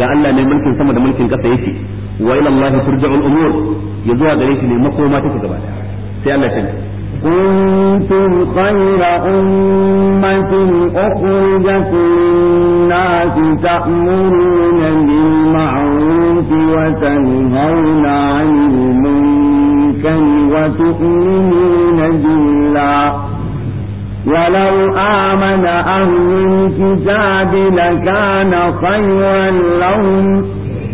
da Allah ne mulkin sama da mulkin kasa yake wa ila Allah turja'ul umur ya zuwa gare shi ne makoma take gaba sai Allah ta كنتم خير أمة أخرجت للناس تأمرون بالمعروف وتنهون عن المنكر وتؤمنون بالله ولو آمن أهل الكتاب لكان خيرا لهم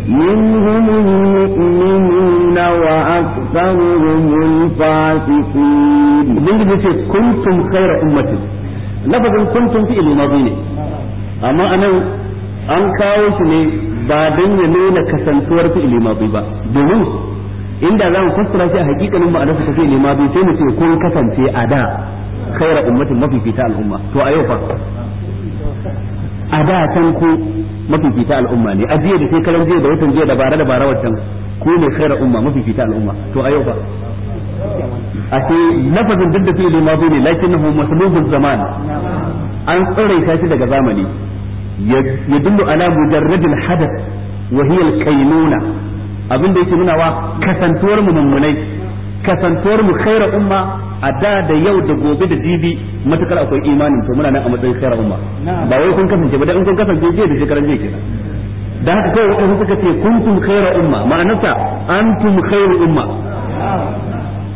منهم المؤمنون وأكثرهم الفاسقين بلغت كنتم خير أمة لفظ كنتم في الماضي أما أنا an kawo shi ne ba don ya nuna kasantuwar fi'ili mabi ba domin inda za mu fassara shi a hakikanin ma'anarsa ta fi'ili mabi sai mu ce kun kasance a da khayra ummatin mafifita al'umma a yau a da can ku mafifita al'umma ne a jiya da sai karan jiya da watan jiya da bara wancan ku ne khayra umma mafifita al'umma to a yau fa a ce lafazin duk da fi'ili mazi an daga zamani يدل على مجرد الحدث وهي الكينونة abin da yake nuna wa kasantuwar mu mummunai kasantuwar mu khairu umma a da da yau da gobe da jibi matukar akwai imanin to muna nan a matsayin khairar umma ba wai kun kasance ba dan kun kasance jiya da shekaran je kenan da haka kai wanda suka ce kuntum khairar umma ma'anarsa antum khairu umma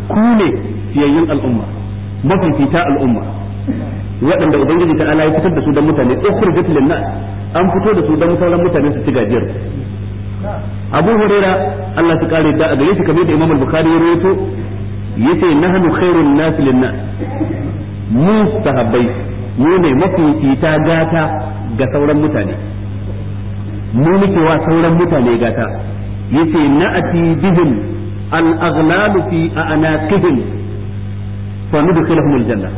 ku ne fiyayyin al'umma mafifita al'umma waɗanda ubangiji ta ala ya fitar da su dan mutane ukhrijat lin nas an fito da su dan sauran mutane su ci gajiyar Abu Huraira Allah ta kare da ga yake kamar da imamu Al-Bukhari ya rawaito yace nahnu khairun nas lin nas mu sahabbai mu ne mafi fita gata ga sauran mutane mu muke wa sauran mutane gata yace na'ati bihim al-aghlal fi a'naqihim fa nudkhiluhum al-janna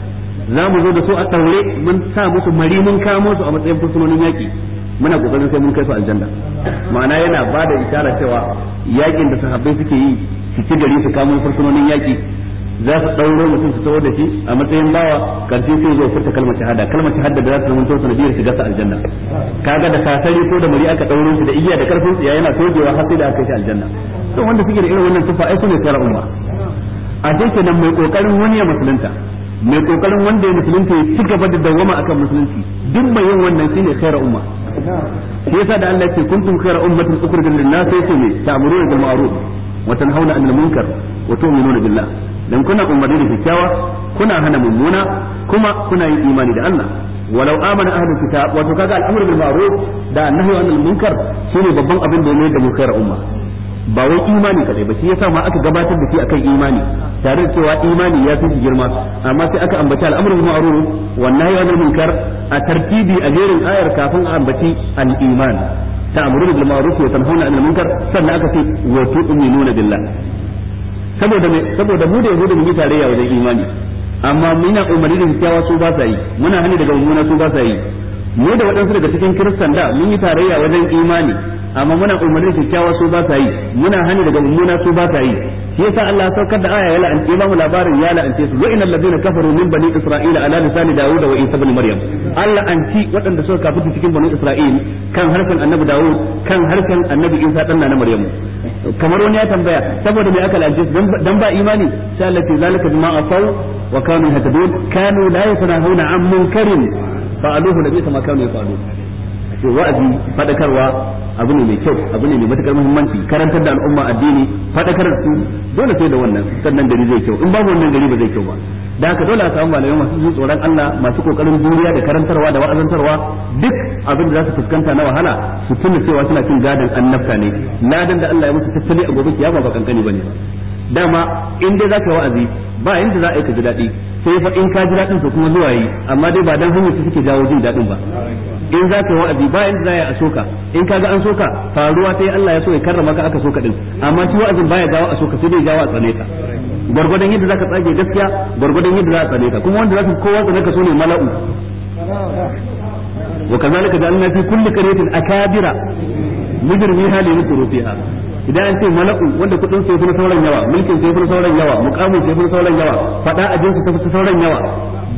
za mu zo da su a taure mun sa musu mari mun kamo su a matsayin fursunonin yaki muna kokarin sai mun kai su aljanna ma'ana yana ba da isharar cewa yakin da sahabbai suke yi su ci gari su kamo fursunonin yaki za su ɗauro mutum su tsawo da shi a matsayin bawa karshe sai zo furta kalmar shahada kalmar shahada da za su zama na biyar shiga gasa aljanna kaga da sasari ko da muri aka ɗauro su da igiya da karfin tsiya yana togewa har sai da aka shi aljanna to wanda suke da irin wannan tufa ai sune tsara umma a sai kenan mai kokarin wani ya musulunta mai kokarin wanda ya musulunta ya ci gaba da dawwama akan musulunci duk mai yin wannan ne khairu umma shi yasa da Allah ya ce kuntum khairu ummatin ukhrijat lin-nas sai ce me ta'muruna bil ma'ruf wa tanhauna 'anil munkar wa tu'minuna billah dan kuna umarni da kyakkyawa kuna hana mummuna kuma kuna yin imani da Allah walau amana ahlul kitab wato kaga al'amru bil ma'ruf da annahyu 'anil munkar shine babban abin da ne da mu khair umma ba wai imani kadai ba ya yasa ma aka gabatar da shi kai imani tare da cewa imani ya fi girma amma sai aka ambaci al'amru bil ma'ruf wan nahyu munkar a tartibi a jerin ayar kafin a ambaci al-iman ta'muruna bil ma'ruf wa tanhauna 'anil munkar sannan aka ce wa tu'minuna billah saboda me saboda mu da yahudu mu tarayya wajen imani amma muna umarni da kyakkyawa su ba sa yi muna hani daga mummuna su ba sa yi mu da waɗansu daga cikin kiristan da mun yi tarayya wajen imani amma muna umarni da kyakkyawa su ba sa yi muna hani daga mummuna su ba sa yi shi yasa Allah ya saukar da aya ya la'anci ba mu labarin ya la'ance su wa'inal ladina kafaru min bani isra'ila ala lisani dawud wa isa ibn maryam Allah anci waɗanda suka kafirta cikin bani isra'il kan harkan annabi dawud kan harkan annabi isa dan na maryam kamar wani ya tambaya saboda me aka la'ance su dan ba imani sai Allah ya zalika bima asaw wa kanu na kanu la yatanahuna an munkarin fa'aluhu nabi kama kanu yafalun to wa'azi fadakarwa abu ne mai kyau abu ne mai matukar muhimmanci karantar da al'umma addini fadakar su dole sai da wannan sannan gari zai kyau in babu wannan gari ba zai kyau ba da haka dole a samu malamai masu jin tsoron Allah masu kokarin juriya da karantarwa da wa'azantarwa duk abin da za su fuskanta na wahala su tuna cewa suna cin gadon annabta ne ladan da Allah ya musu tattali a gobe kiyama ba kankani bane dama in dai zaka wa'azi ba yanda za a yi ka ji daɗi sai fa in ka ji daɗin to kuma zuwa yi amma dai ba dan hanyar su suke jawo jin daɗin ba in za ka yi wa'azi ba yanda za a soka in ka ga an soka faruwa sai Allah ya so ya karrama ka aka soka din amma shi wa'azin baya jawo a soka sai dai jawo a tsane ka gwargwadon yadda za ka tsage gaskiya gwargwadon yadda za a tsane ka kuma wanda za ka kowa tsane ka so ne mala'u وكذلك جعلنا في كل قرية أكابر مجرميها ليمكروا فيها idan an ce mala'u wanda kudin sai kuma sauran yawa mulkin sai kuma sauran yawa mukamin sai kuma sauran yawa fada a jinsu sai sauran yawa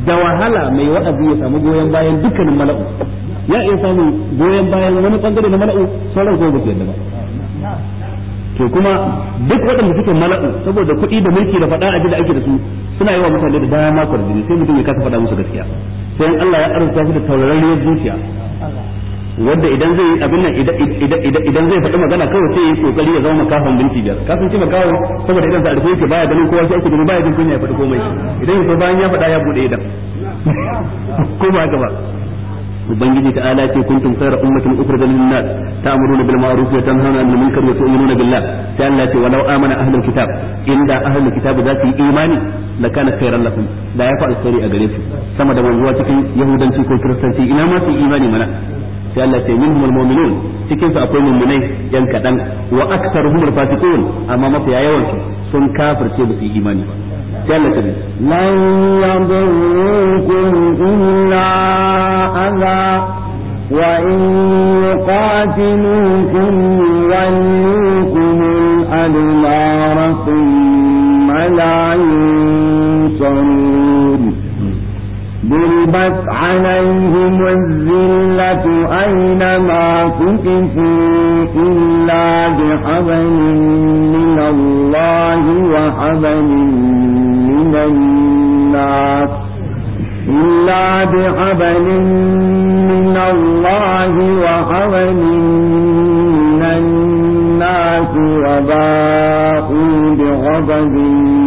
da wahala mai wa'azi ya samu goyon bayan dukkanin mala'u ya iya samu goyon bayan wani bangare na mala'u sauran ko ba da ba to kuma duk waɗanda suke mala'u saboda kuɗi da mulki da fada a da ake da su suna yawa mutane da dama kwarjini sai mutum ya kasa faɗa musu gaskiya sai in Allah ya arzuta su da tauraron zuciya wanda idan zai abin nan idan zai faɗi magana kawai sai yi kokari ya zama makahon minti biyar kafin ci makaho saboda idan sa arfe yake baya ganin kowa shi ake domin baya jin kunya ya faɗi komai idan yaso bayan ya faɗa ya bude idan ko ba haka ba ubangiji ta ala ce kuntum khayra ummatin ukhrijat lin nas ta'muruna bil ma'ruf wa tanhauna 'anil munkar wa tu'minuna billah sai Allah ce walau amana ahlul kitab inda ahlul kitab za su yi imani la kana khayran lakum da ya fa alkhairi a gare su sama da wanzuwa cikin yahudanci ko kiristanci ina ma su imani mana sai Allah ce minhumul mu'minun cikin su akwai mummunai yan kadan wa aktsaruhumul fasiqun amma mafiya yawan su sun kafirce ba su imani ba sai Allah ce lan yadurrukum illa adha ضربت عليهم الزلة أينما تكفوا إلا بحبل من الله وحبل من الناس إلا بحبل من الله وحبل من الناس وباقوا بغضب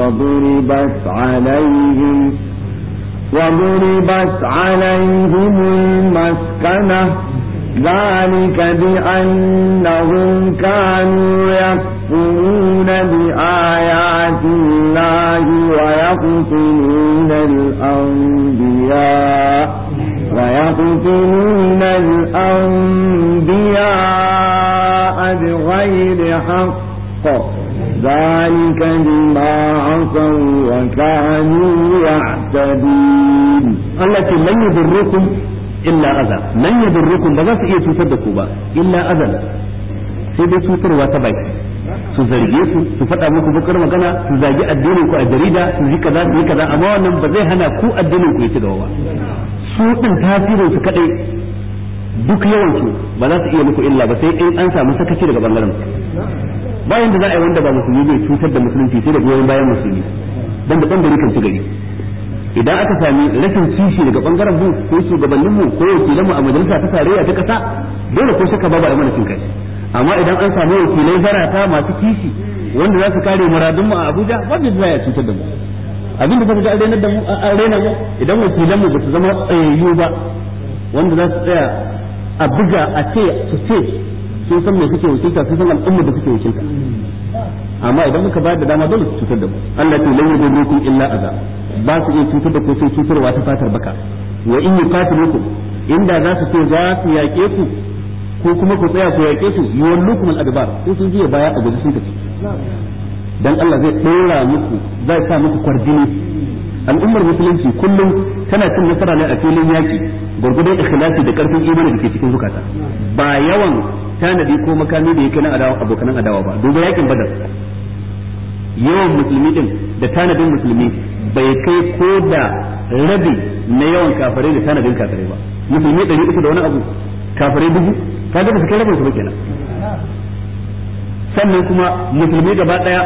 وضربت عليهم وضربت عليهم المسكنة ذلك بأنهم كانوا يكفرون بآيات الله ويقتلون الأنبياء ويقتلون الأنبياء بغير حق ذلك بما عصوا وكانوا يعتدون التي لن يضركم إلا أذى لن يضركم بذا سئية تصدقوا إلا أذى سيدة سوتروا واتبعي su zarge su su faɗa muku bukar magana su zagi addinin ku a jarida su ji kaza su yi kaza amma wannan ba zai hana ku addinin ku ya ci gaba su din tasirin su kadai duk yawan su ba za su iya muku illa ba sai in an samu sakaci daga bangaren bayan da za a yi wanda ba musulmi zai cutar da musulunci sai da goyon bayan musulmi dan da bangare kan ci gari idan aka sami rashin kishi daga bangaren mu ko shugabannin mu ko wakilan mu a majalisa ta tarayya ta kasa dole ko shaka babu a mana cin kai amma idan an samu wakilai zarata masu kishi wanda za su kare muradun mu a Abuja wanda za ya cutar da mu abin da kuka a arena da mu a arena mu idan wakilan mu ba su zama tsayayyu ba wanda za su tsaya a buga a ce su ce sun san mai kake wakilta sun san al'ummar da kake wakilta amma idan muka bayar da dama dole su cutar da mu Allah ya ce lan yadurrukum illa aza ba su iya cutar da ku sai cutarwa ta fatar baka wa in yuqatiluku inda za su ce za su yaƙe ku ko kuma ku tsaya ku yaƙe su yuwallukum al-adbar ko sun jiya baya a guje sun tafi dan Allah zai dora muku zai sa muku kwardini al'ummar musulunci kullum tana cin nasara ne a filin yaƙi gurgudan ikhlasi da karfin imani da ke cikin zukata ba yawan tanadi ko makami da yake nan adawa abokan adawa ba duba yakin badar yawan musulmi din da tanadin musulmi bai kai ko da rabi na yawan kafirai da tanadin kafirai ba musulmi ɗari uku da wani abu kafirai dubu ka ga su rabin su ba kenan sannan kuma musulmi gaba daya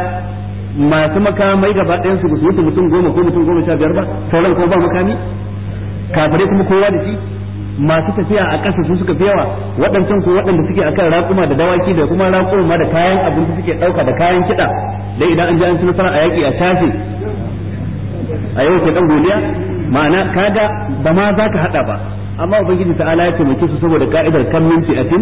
masu makamai gaba ɗayan su su mutum goma ko mutum goma sha biyar ba sauran kuma ba makami kafirai kuma kowa da shi masu tafiya a ƙasa su suka fi yawa waɗancan ko waɗanda suke akan raƙuma da dawaki da kuma raƙuma da kayan abinci suke ɗauka da kayan kiɗa dai idan an ji an ci nasara a yaƙi a tashi a yau ke ɗan godiya ma'ana kaga ba ma za ka haɗa ba amma ubangiji ta'ala ya taimake su saboda ka'idar kan min fi'atin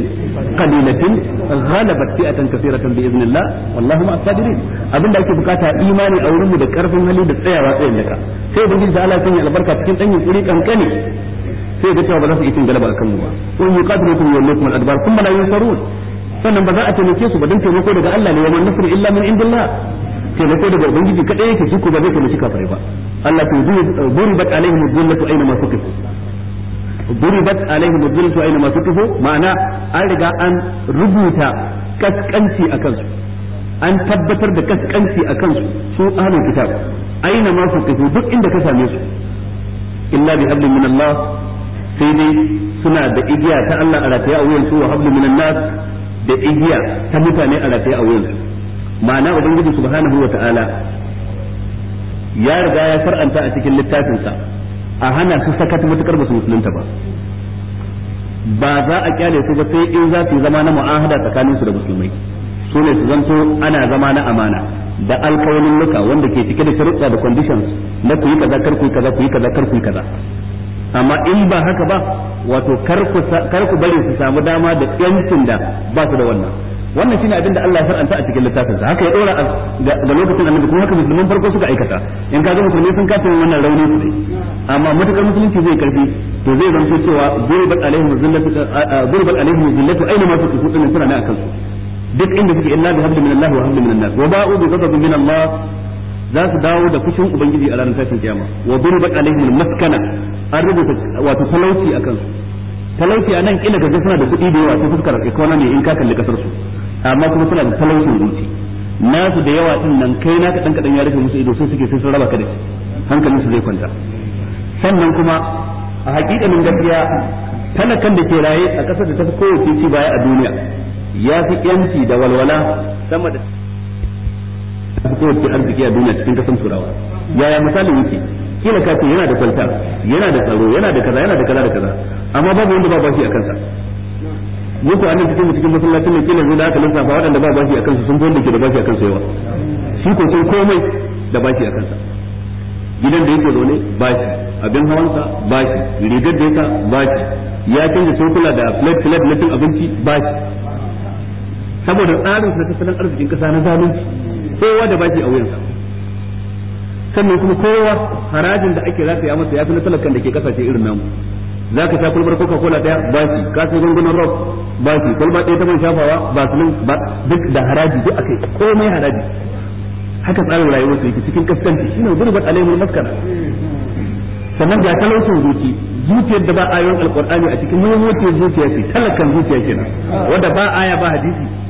qalilatin ghalabat fi'atan kaseeratan bi'iznillah wallahu ma'as sabirin abinda ake bukata imani a wurin mu da karfin hali da tsayawa tsayin daka sai ubangiji ta'ala ya sanya albarka cikin dan yunkuri kankane sai ga cewa ba za su iya cin galaba akan mu ba wa yuqatilukum yawmakum al-adbar kuma la yunsarun sannan ba za a taimake su ba dan taimako daga Allah ne wa man nasru illa min indillah taimako daga ubangiji kadai yake su ko ba zai taimaki kafirai ba Allah to duribat alaihim ad-dillatu aina ma suqifu duribat alaihim ad aina ma suqifu ma'ana an riga an rubuta kaskanci akan su an tabbatar da kaskanci akan su su ahlul kitab aina ma suqifu duk inda ka same su illa bi hablin min Allah sai dai suna da igiya ta Allah a rataye a wuyansu wa hablu minan nas da igiya ta mutane a rataye a wuyansu ma'ana ubangiji subhanahu wa ta'ala ya riga ya far'anta a cikin littafinsa a hana su saka matukar ba su musulunta ba ba za a kyale su ba sai in za su zama na mu'ahada tsakanin su da musulmai su ne su zanto ana zama na amana da alkawalin luka wanda ke cike da sharuɗa da conditions na ku kaza kar ku kaza ku kaza kar ku kaza amma in ba haka ba wato kar ku bari su samu dama da yancin da ba su da wannan wannan shine abin da Allah ya faranta a cikin littafin sa haka ya dora ga lokacin annabi kuma haka musulmin farko suka aikata in ka ga musulmi sun kafa wannan rauni su amma matukar musulunci zai karfi to zai zanto cewa zurbat alaihim zillatu zurbat alaihim zillatu aina ma su suna na akan su duk inda suke illa bi habli min wa habli min nas wa ba'u bi ghadabin min Allah za su dawo da fushin ubangiji a ranar tashin kiyama wa durbat alaihim maskana an rubuta wato talauci akan su talauci a nan kila kaga suna da kuɗi da yawa ta fuskar economy in ka kalli kasar su amma kuma suna da talaucin zuci nasu da yawa din nan kai naka dan kadan ya rufe musu ido sai suke sai sun raba ka da hankalin su zai kwanta sannan kuma a hakikanin gaskiya talakan da ke raye a kasar da ta fi kowace ci baya a duniya ya fi yanci da walwala sama da kowace arziki a duniya cikin kasan turawa yaya misalin yake kila ka ce yana da kwalta yana da tsaro yana da kaza yana da kaza da kaza amma babu wanda ba bashi a kansa a nan cikin cikin masallacin ne kila zo da aka lissafa waɗanda ba bashi a kansu sun fi wanda ke da bashi a kansu yawa shi ko sai komai da bashi a kansa gidan da yake zaune bashi abin hawansa bashi rigar da yasa bashi ya canza kula da plate plate na cin abinci bashi saboda tsarin sa tattalin arzikin kasa na zalunci kowa da bashi a wuyansa sannan kuma kowa harajin da ake rataya masa ya fi na talakan da ke kasashe irin namu za ka sha kulbar coca cola daya bashi ka sai gungunan rock bashi kulba ɗaya ta man shafawa ba su ba duk da haraji duk akai komai haraji haka tsarin rayuwar su yake cikin kaskanci shine gurbat alaihul maskara sannan ga talaucin zuci zuciyar da ba ayoyin alqur'ani a cikin mummutiyar zuciya ce talakan zuciya kenan wanda ba aya ba hadisi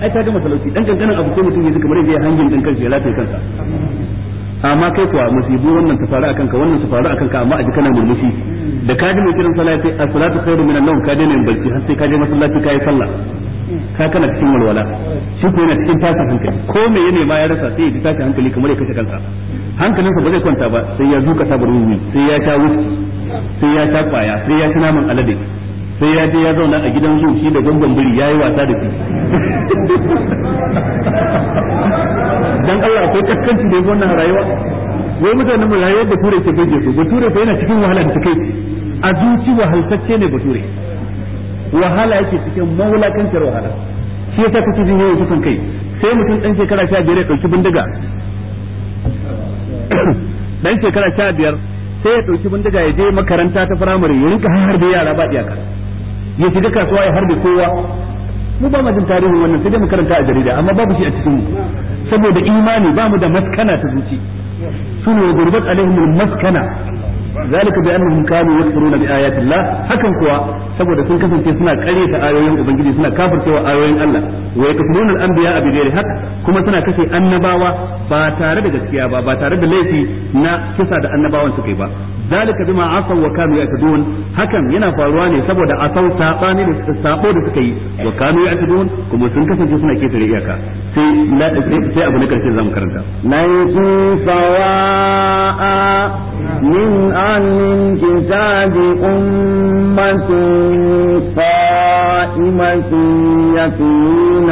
ai ta gama talauci dan kankanin abu ko mutum yake kamar yadda ya hangin dan kansa ya lafiya kansa amma kai kuwa musibu wannan ta faru akan ka wannan ta faru akan ka amma a ji kana murmushi da ka ji mai kiran sallah sai as-salatu khairu minan nawm ka daina yin barci har sai ka je masallaci ka yi sallah ka kana cikin walwala shi ko yana cikin tashin hankali ko me yene ma ya rasa sai ya ji tashin hankali kamar ya kashe kansa hankalinsa ba zai kwanta ba sai ya zuka sabar wuri sai ya ta wuce sai ya ta kwaya sai ya ci naman alade sai ya je ya zauna a gidan zu shi da gangan biri yayi wasa da shi dan Allah akwai kaskanci da wannan rayuwa wai mutanen mu rayuwar da ture ke gaje su bature fa yana cikin wahala da take a zuci wahalsacce ne bature wahala yake cikin mawulakantar wahala shi yasa kake jin yau kusan kai sai mutum dan shekara 15 ya dauki bindiga dan shekara 15 sai ya dauki bindiga ya je makaranta ta firamare ya rinka har da yara ba iyaka ya shiga kasuwa ya harbe kowa mu ba mu jin tarihin wannan sai dai mu karanta a jarida amma babu shi a cikin mu saboda imani ba mu da maskana ta zuci sunu wa gurbat alaihim maskana zalika bi annahum kanu yakfuruna bi ayati llah hakan kuwa saboda sun kasance suna karyata ayoyin ubangiji suna kafircewa ayoyin Allah wa yakfuruna al-anbiya a ghairi haqq kuma suna kashe annabawa ba tare da gaskiya ba ba tare da laifi na kisa da annabawan suka yi ba zalika bima asaw wa kanu yatadun hakan yana faruwa ne saboda asaw sabani da sabo da suka yi wa kanu yatadun kuma sun kasance suna ketare iyaka sai la sai abu na karshe zamu karanta la sawa'a min ahlil kitabi ummatun قائمة يتلون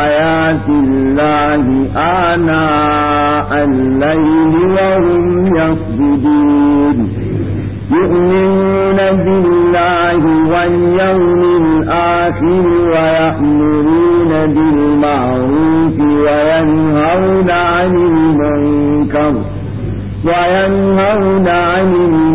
آيات الله آناء الليل وهم يسجدون يؤمنون بالله واليوم الآخر ويأمرون بالمعروف وينهون عن المنكر وينهون عن المنكر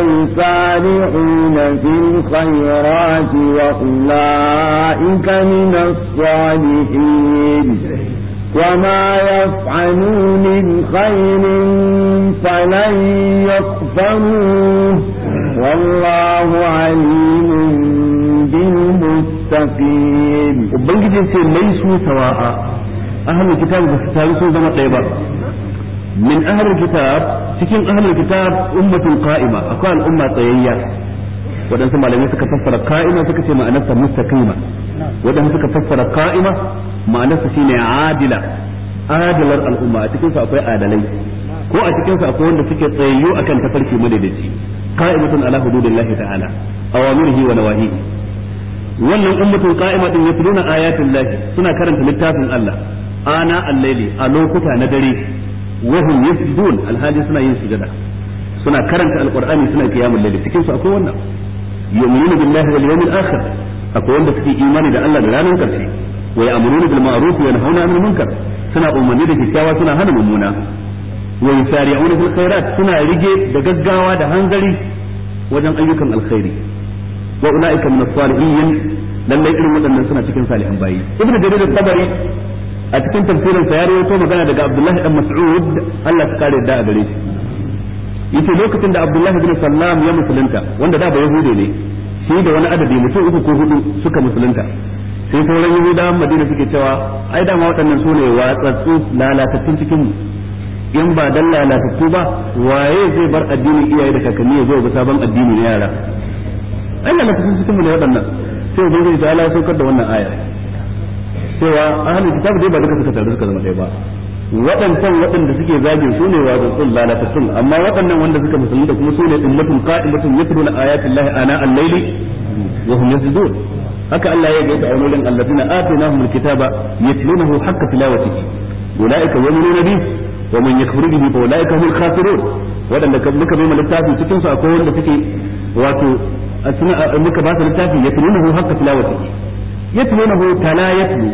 يسارعون في الخيرات وأولئك من الصالحين وما يفعلوا من خير فلن يكفروه والله عليم بالمتقين جنسي ليسوا سواء أهل الكتاب بس سالسوا زمن من أهل الكتاب cikin ahlul kitab ummatun qa'ima akwai al'umma tsayayya waɗansu malamai suka fassara ka'ima suka ce ma'anarsa mustaqima waɗansu suka fassara ka'ima ma'anarsa shine adila adalar al'umma a cikin su akwai adalai ko a cikin su akwai wanda suke tsayayyu akan tafarki madadaci qa'imatun ala hududillahi ta'ala awamirihi wa nawahihi wannan ummatun qa'ima din yatluna ayatin lahi suna karanta littafin Allah ana al-laili a lokuta na dare wa yasjudun alhali suna yin sujada suna karanta alqur'ani suna qiyamul layl cikin su akwai wannan yu'minuna billahi wal yawmil akhir akwai wanda suke imani da Allah da ranar karshe wa ya'muruna bil ma'ruf wa yanhauna 'anil munkar suna umarni da kyakkyawa suna hana mummuna wa yusari'una bil khairat suna rige da gaggawa da hanzari wajen ayyukan alkhairi wa ulaika min as-salihin lallai irin waɗannan suna cikin salihan bayi ibnu jarir al-tabari a cikin tafsirin sa ya rawaito magana daga Abdullahi dan Mas'ud Allah ya kare da gare shi yace lokacin da Abdullahi bin Sallam ya musulunta wanda da ba yahude ne shi da wani adadi mutum uku ko hudu suka musulunta sai sauran yahuda Madina suke cewa ai dama waɗannan su ne watsatsu lalatattun cikin in ba dan lalatattu ba waye zai bar addinin iyaye da kakanni ya zo ga sabon addini na yara ai lalatattu cikin mu ne waɗannan sai ubangiji ta Allah saukar da wannan aya cewa ahalin kitab dai ba duka suka taru suka zama ɗaya ba waɗancan waɗanda suke zagin su ne wadatsun lalatattun amma waɗannan wanda suka da kuma su ne ummatun qa'imatun yatruna ayatillahi ana al-layli wa hum yasjudun haka Allah ya gaita aulolin alladina atinahumul kitaba yatlunahu haqqa tilawatihi ulaika yu'minuna bihi wa man yakfur bihi fa ulaika humul khasirun waɗanda muka bai littafi cikin su akwai wanda suke wato muka ba su littafi yatlunahu haqqa tilawatihi yatlunahu tala yatlu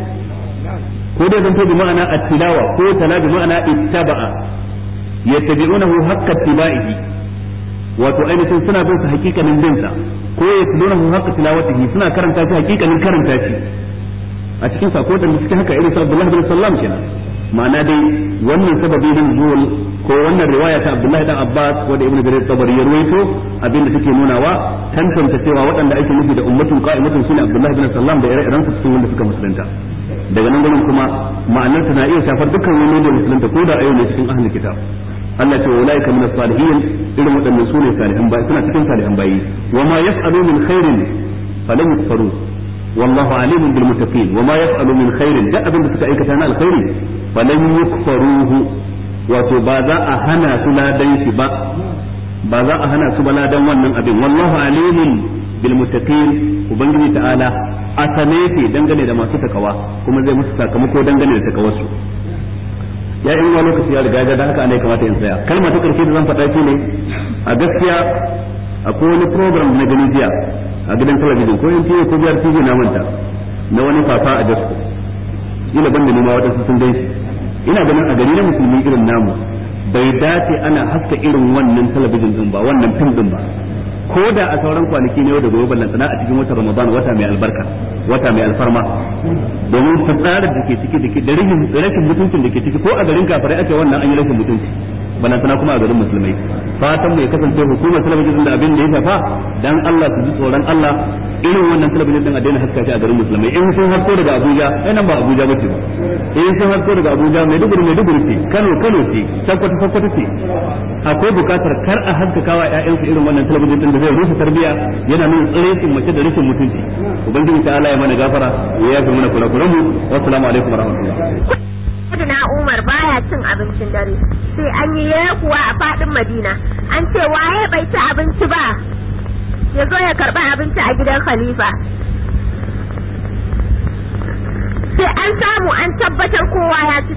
ko dai zanto tobi ma'ana at-tilawa ko tala bi ma'ana ittaba'a yattabi'unahu haqqa ittiba'ihi wato ainihin suna bin sa hakikanin bin sa ko yatlunahu haqqa tilawatihi suna karanta shi hakikanin karanta shi a cikin sako da suke haka irin sa Abdullah bin Sallam kenan ma'ana dai wannan sababi din zuwan ko wannan riwaya ta Abdullahi dan Abbas wanda Ibn Jarir Tabari ya ruwaito abinda take nunawa tantance cewa waɗanda ake nufi da ummatun qa'imatun sune Abdullahi bin Sallam da ire-iren su cikin wanda suka musulunta daga nan gurin kuma ma'anar ta na iya shafar dukkan wani da musulunta ko da a ne cikin ahlul kitab Allah ce wala ka minas salihin irin waɗannan sune salihan bayi suna cikin salihan bayi wa ma yas'alu min khairin falam yakfaru والله عليم بالمتقين وما يفعل من خير جاء بنت تكايكة أنا الخير falan faruhu wato ba za a hana su ladan shi ba ba za a hana su ba ladan wannan abin wallahu alimun bil muttaqin ubangiji ta'ala asane ce dangane da masu takawa kuma zai musu sakamako dangane da takawarsu ya in wani lokaci ya riga da haka ne kamata in tsaya kalma ta karshe da zan faɗa shi ne a gaskiya akwai wani program na gani jiya a gidan talabijin ko yanzu ko biyar tv na manta na wani fafa a gasko ila banda nema waɗansu sun dai ina ganin a gari na musulmi irin namu bai dace ana haska irin wannan talabijin din ba wannan fim din ba ko da a sauran kwanaki ne da gobe ballan sana a cikin watan Ramadan wata mai albarka wata mai alfarma domin tsarin da ke ciki da rashin mutuncin da ke ciki ko a garin kafirai ake wannan an yi rashin mutunci balantana kuma a garin musulmai fatan mu ya kasance hukumar talabijin da abin da ya shafa dan Allah su ji tsoron Allah irin wannan talabijin din a daina haska shi a garin musulmai in sun harko daga Abuja ai nan ba Abuja bace ba in sun harko daga Abuja Maiduguri Maiduguri ce Kano Kano ce Sokoto Sokoto ce akwai bukatar kar a haskakawa ƴaƴansu irin wannan talabijin din da zai rufe tarbiya yana nuna tsirecin mace da rufin mutunci ubangiji ta Allah ya mana gafara ya yafi mana kula-kulan mu wassalamu alaikum warahmatullahi sayyidina Umar baya cin abincin dare sai an yi yakuwa a fadin Madina an ce waye bai ci abinci ba ya zo ya karba abinci a gidan khalifa sai an samu an tabbatar kowa ya ci